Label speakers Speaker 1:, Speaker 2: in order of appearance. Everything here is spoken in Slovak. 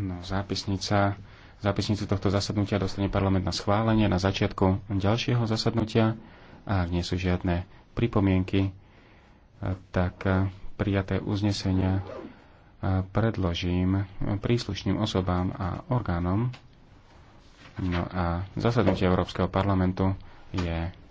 Speaker 1: No, zápisnica, zápisnicu tohto zasadnutia dostane parlament na schválenie na začiatku ďalšieho zasadnutia a ak nie sú žiadne pripomienky, e, tak e, prijaté uznesenia e, predložím príslušným
Speaker 2: osobám a orgánom. No a zasadnutie Európskeho parlamentu je